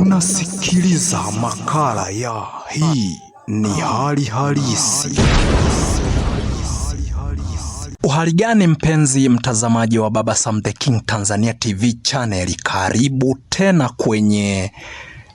Unasikiliza makala ya hii ni hali halisi. Uhali gani mpenzi mtazamaji wa Baba Sam the King Tanzania TV channel, karibu tena kwenye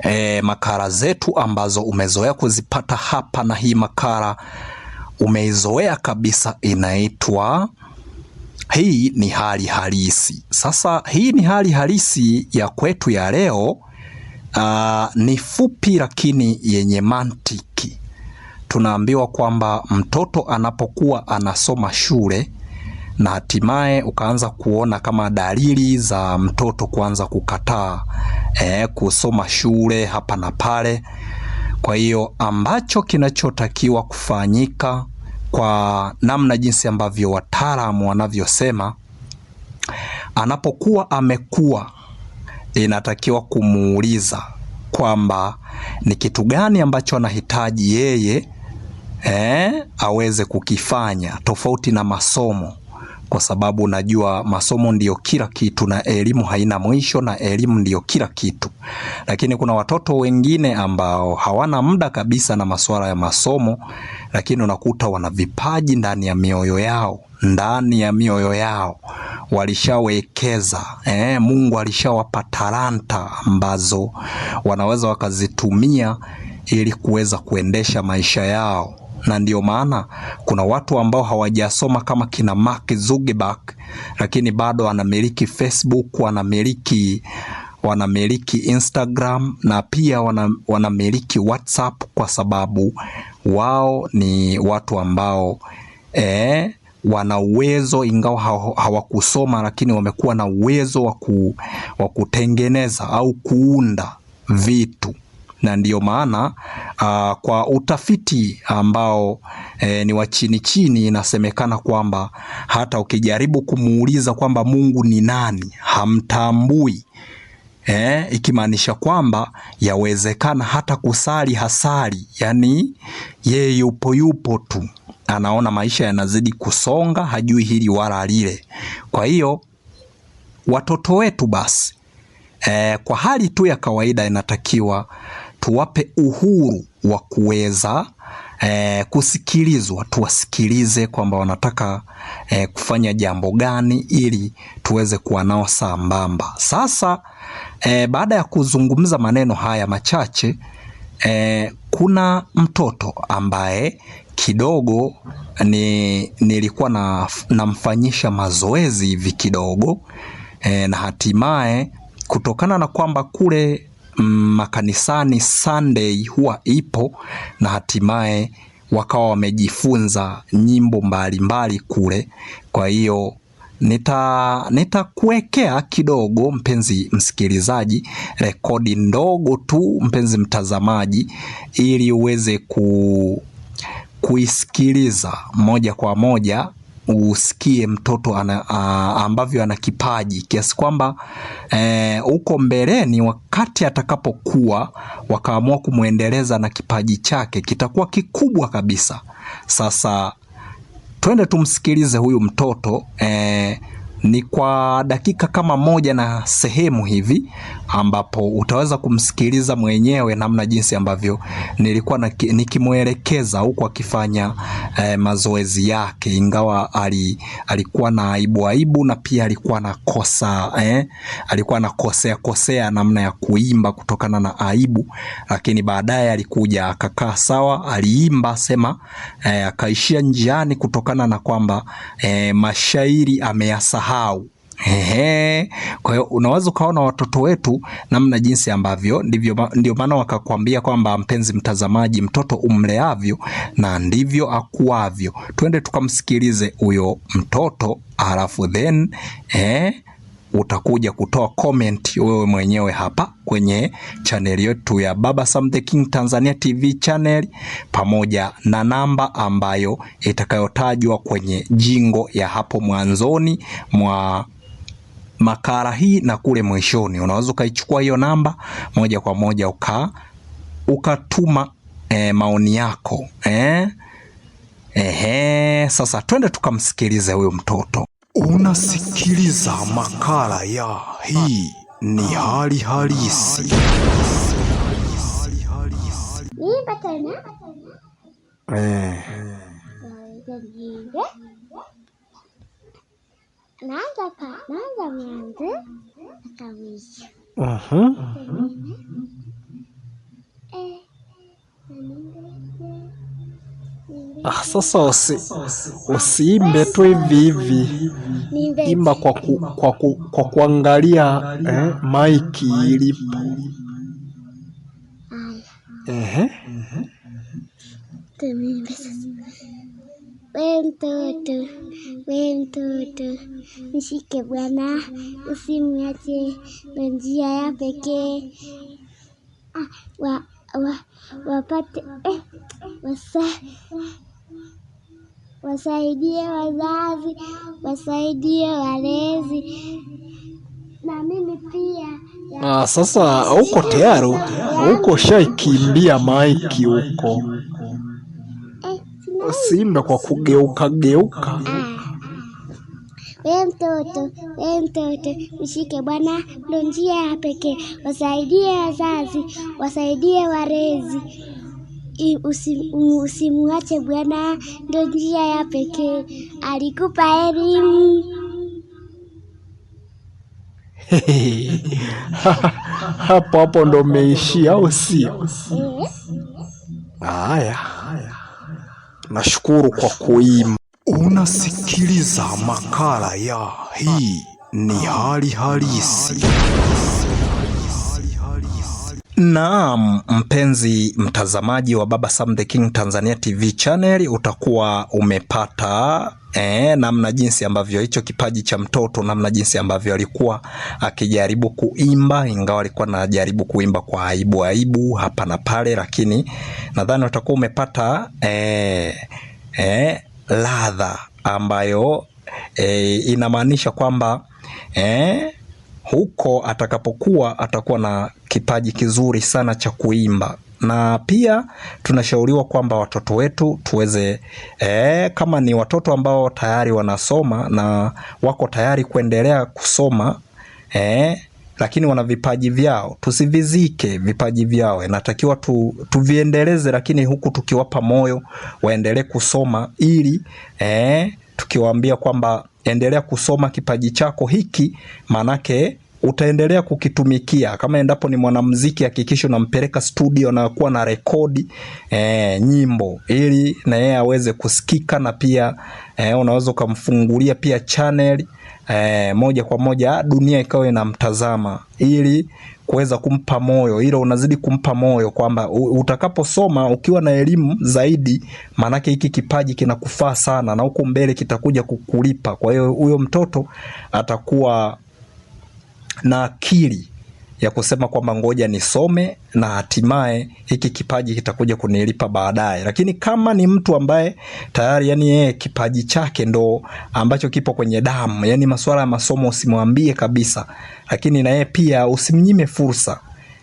e, makala zetu ambazo umezoea kuzipata hapa, na hii makala umeizoea kabisa, inaitwa hii ni hali halisi. Sasa hii ni hali halisi ya kwetu ya leo uh, ni fupi lakini yenye mantiki. Tunaambiwa kwamba mtoto anapokuwa anasoma shule na hatimaye ukaanza kuona kama dalili za mtoto kuanza kukataa eh, kusoma shule hapa na pale. Kwa hiyo ambacho kinachotakiwa kufanyika kwa namna jinsi ambavyo wataalamu wanavyosema, anapokuwa amekuwa inatakiwa kumuuliza kwamba ni kitu gani ambacho anahitaji yeye eh, aweze kukifanya tofauti na masomo kwa sababu najua masomo ndiyo kila kitu na elimu haina mwisho na elimu ndiyo kila kitu. Lakini kuna watoto wengine ambao hawana muda kabisa na masuala ya masomo, lakini unakuta wana vipaji ndani ya mioyo yao ndani ya mioyo yao walishawekeza. Eh, Mungu alishawapa talanta ambazo wanaweza wakazitumia ili kuweza kuendesha maisha yao na ndio maana kuna watu ambao hawajasoma kama kina Mark Zuckerberg, lakini bado wanamiliki Facebook, wanamiliki wanamiliki Instagram na pia wanamiliki WhatsApp kwa sababu wao ni watu ambao eh, wana uwezo ingawa hawakusoma, lakini wamekuwa na uwezo wa kutengeneza au kuunda vitu na ndiyo maana uh, kwa utafiti ambao eh, ni wa chini chini, inasemekana kwamba hata ukijaribu kumuuliza kwamba Mungu ni nani, hamtambui eh, ikimaanisha kwamba yawezekana hata kusali hasali, yani yeye yupo yupo tu, anaona maisha yanazidi kusonga, hajui hili wala lile. Kwa hiyo watoto wetu basi eh, kwa hali tu ya kawaida inatakiwa tuwape uhuru wa kuweza e, kusikilizwa, tuwasikilize kwamba wanataka e, kufanya jambo gani ili tuweze kuwa nao sambamba. Sasa e, baada ya kuzungumza maneno haya machache e, kuna mtoto ambaye kidogo ni nilikuwa na namfanyisha mazoezi hivi kidogo e, na hatimaye kutokana na kwamba kule makanisani Sunday huwa ipo na hatimaye wakawa wamejifunza nyimbo mbalimbali kule. Kwa hiyo nita nitakuwekea kidogo mpenzi msikilizaji, rekodi ndogo tu mpenzi mtazamaji, ili uweze ku kuisikiliza moja kwa moja usikie mtoto ana, a, ambavyo ana kipaji kiasi kwamba e, huko e, mbeleni wakati atakapokuwa wakaamua kumwendeleza na kipaji chake kitakuwa kikubwa kabisa. Sasa twende tumsikilize huyu mtoto e, ni kwa dakika kama moja na sehemu hivi, ambapo utaweza kumsikiliza mwenyewe namna jinsi ambavyo nilikuwa nikimwelekeza huku akifanya eh, mazoezi yake, ingawa ali, alikuwa na aibu aibu na pia alikuwa na kosa eh, alikuwa na kosea kosea namna ya kuimba kutokana na aibu, lakini baadaye alikuja akakaa sawa, aliimba sema eh, akaishia njiani kutokana na kwamba eh, mashairi ameyasa kusahau. Ehe. Kwa hiyo unaweza ukaona watoto wetu namna jinsi ambavyo ndivyo, ndio maana wakakwambia kwamba mpenzi mtazamaji, mtoto umleavyo na ndivyo akuavyo. Twende tukamsikilize huyo mtoto alafu then eh, utakuja kutoa comment wewe mwenyewe hapa kwenye chaneli yetu ya Baba Sam the King Tanzania TV channel pamoja na namba ambayo itakayotajwa kwenye jingo ya hapo mwanzoni mwa makala hii na kule mwishoni, unaweza ukaichukua hiyo namba moja kwa moja uka ukatuma e, maoni yako e? Ehe, sasa twende tukamsikilize huyo mtoto. Unasikiliza makala ya hii ni hali halisi. Uh-huh. Ah, sasa usi, usiimbe tu hivi hivi, imba kwa, ku, kwa, ku, kwa kuangalia eh, maiki ilipo. Ehe. We mtoto, we mtoto, mshike Bwana, usimwache na njia ya pekee ah, wapate eh, wasa wasaidie wazazi, wasaidie walezi na mimi pia. Ah, sasa uko tayari? Uko shaikimbia maiki huko eh, sinda kwa kugeuka geuka. Ah, ah. We mtoto, we mtoto, mshike Bwana ndo njia ya pekee. Wasaidie wazazi, wasaidie walezi usimwache Bwana, ndo njia ya pekee. Alikupa elimu hapo hapo ndo umeishia, au sio? Haya, nashukuru kwa kuima. Unasikiliza makala ya hii ni hali halisi. Naam, mpenzi mtazamaji wa Baba Sam the King Tanzania TV channel utakuwa umepata E, namna jinsi ambavyo hicho kipaji cha mtoto, namna jinsi ambavyo alikuwa akijaribu kuimba, ingawa alikuwa anajaribu kuimba kwa aibu aibu hapa na pale, lakini nadhani utakuwa umepata e, e, ladha ambayo e, inamaanisha kwamba e, huko atakapokuwa atakuwa na kipaji kizuri sana cha kuimba na pia tunashauriwa kwamba watoto wetu tuweze e, kama ni watoto ambao tayari wanasoma na wako tayari kuendelea kusoma e, lakini wana vipaji vyao, tusivizike vipaji vyao, inatakiwa tu, tuviendeleze, lakini huku tukiwapa moyo waendelee kusoma ili e, tukiwaambia kwamba endelea kusoma kipaji chako hiki, manake utaendelea kukitumikia. Kama endapo ni mwanamuziki, hakikisha unampeleka studio na kuwa na rekodi e, nyimbo ili na yeye aweze kusikika, na pia e, unaweza ukamfungulia pia channel e, moja kwa moja dunia ikawa inamtazama ili kuweza kumpa moyo, ila unazidi kumpa moyo kwamba utakaposoma ukiwa na elimu zaidi, maanake hiki kipaji kinakufaa sana na huko mbele kitakuja kukulipa. Kwa hiyo huyo mtoto atakuwa na akili ya kusema kwamba ngoja nisome na hatimaye hiki kipaji kitakuja kunilipa baadaye. Lakini kama ni mtu ambaye tayari yani yeye kipaji chake ndo ambacho kipo kwenye damu, yani masuala ya masomo usimwambie kabisa, lakini na yeye pia usimnyime fursa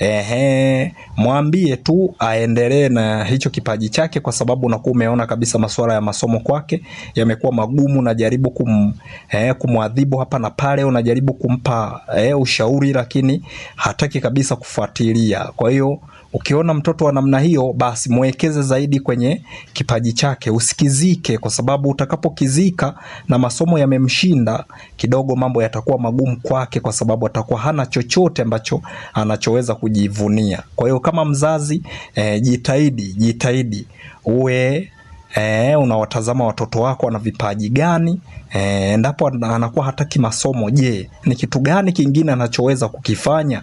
ehe, mwambie tu aendelee na hicho kipaji chake, kwa sababu unakuwa umeona kabisa masuala ya masomo kwake yamekuwa magumu. Najaribu kum, eh, kumwadhibu hapa na pale, unajaribu kumpa eh, ushauri, lakini hataki kabisa kufuatilia. Kwa hiyo Ukiona mtoto wa namna hiyo, basi mwekeze zaidi kwenye kipaji chake, usikizike, kwa sababu utakapokizika na masomo yamemshinda kidogo, mambo yatakuwa magumu kwake, kwa sababu atakuwa hana chochote ambacho anachoweza kujivunia. Kwa hiyo kama mzazi eh, jitahidi jitahidi uwe e, unawatazama watoto wako wana vipaji gani e, endapo anakuwa hataki masomo, je, ni kitu gani kingine anachoweza kukifanya?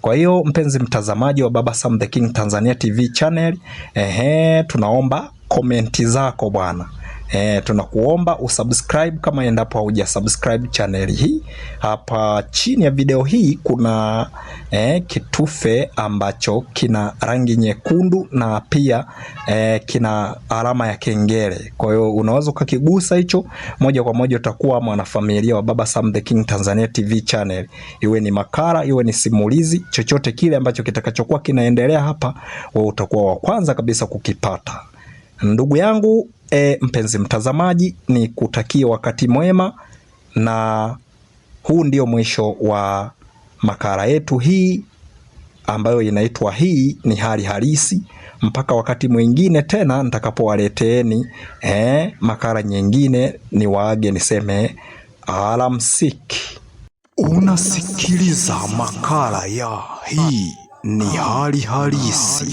Kwa hiyo mpenzi mtazamaji wa Baba Sam the King Tanzania TV channel, ehe, tunaomba komenti zako bwana. E, tunakuomba usubscribe kama endapo hauja subscribe channel hii. Hapa chini ya video hii kuna e, kitufe ambacho kina rangi nyekundu na pia e, kina alama ya kengele. Kwa hiyo unaweza ukakigusa hicho moja kwa moja, utakuwa mwanafamilia wa Baba Sam the King Tanzania TV channel, iwe ni makala, iwe ni simulizi, chochote kile ambacho kitakachokuwa kinaendelea hapa, wewe utakuwa wa kwanza kabisa kukipata, ndugu yangu. E, mpenzi mtazamaji, ni kutakia wakati mwema, na huu ndio mwisho wa makala yetu hii ambayo inaitwa hii ni hali halisi. Mpaka wakati mwingine tena nitakapowaleteeni eh, makala nyingine, ni waage niseme alamsiki. Unasikiliza makala ya hii ni hali halisi.